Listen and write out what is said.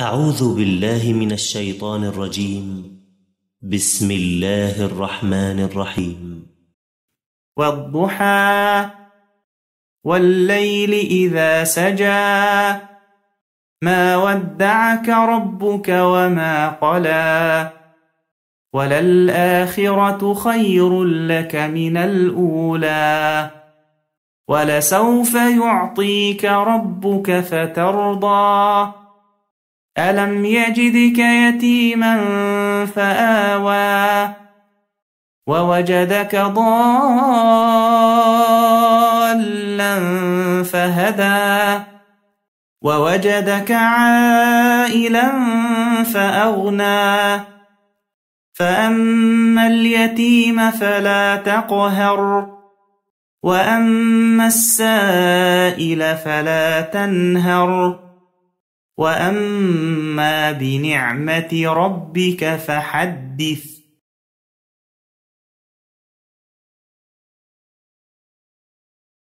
أعوذ بالله من الشيطان الرجيم بسم الله الرحمن الرحيم والضحى والليل إذا سجى ما ودعك ربك وما قلى وللآخرة خير لك من الأولى ولسوف يعطيك ربك فترضى ألم يجدك يتيما فآوى ووجدك ضالا فهدى ووجدك عائلا فأغنى فأما اليتيم فلا تقهر وأما السائل فلا تنهر وأما بنعمة ربك فحدث